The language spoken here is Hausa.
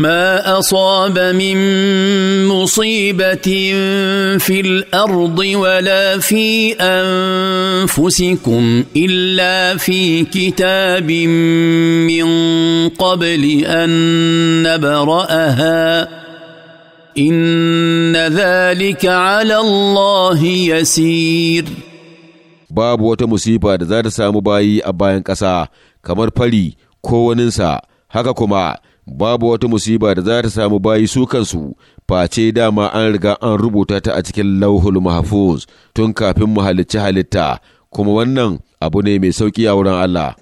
ما اصاب من مصيبه في الارض ولا في انفسكم الا في كتاب من قبل ان نبراها ان ذلك على الله يسير باب wata مصيبه ذات za ta samu bayi a bayan ƙasa kamar babu wata musiba da za ta samu bayi su kansu face dama an riga an rubuta ta a cikin lauhul mahfuz tun kafin mu halicci halitta kuma wannan abu ne mai sauki a wurin Allah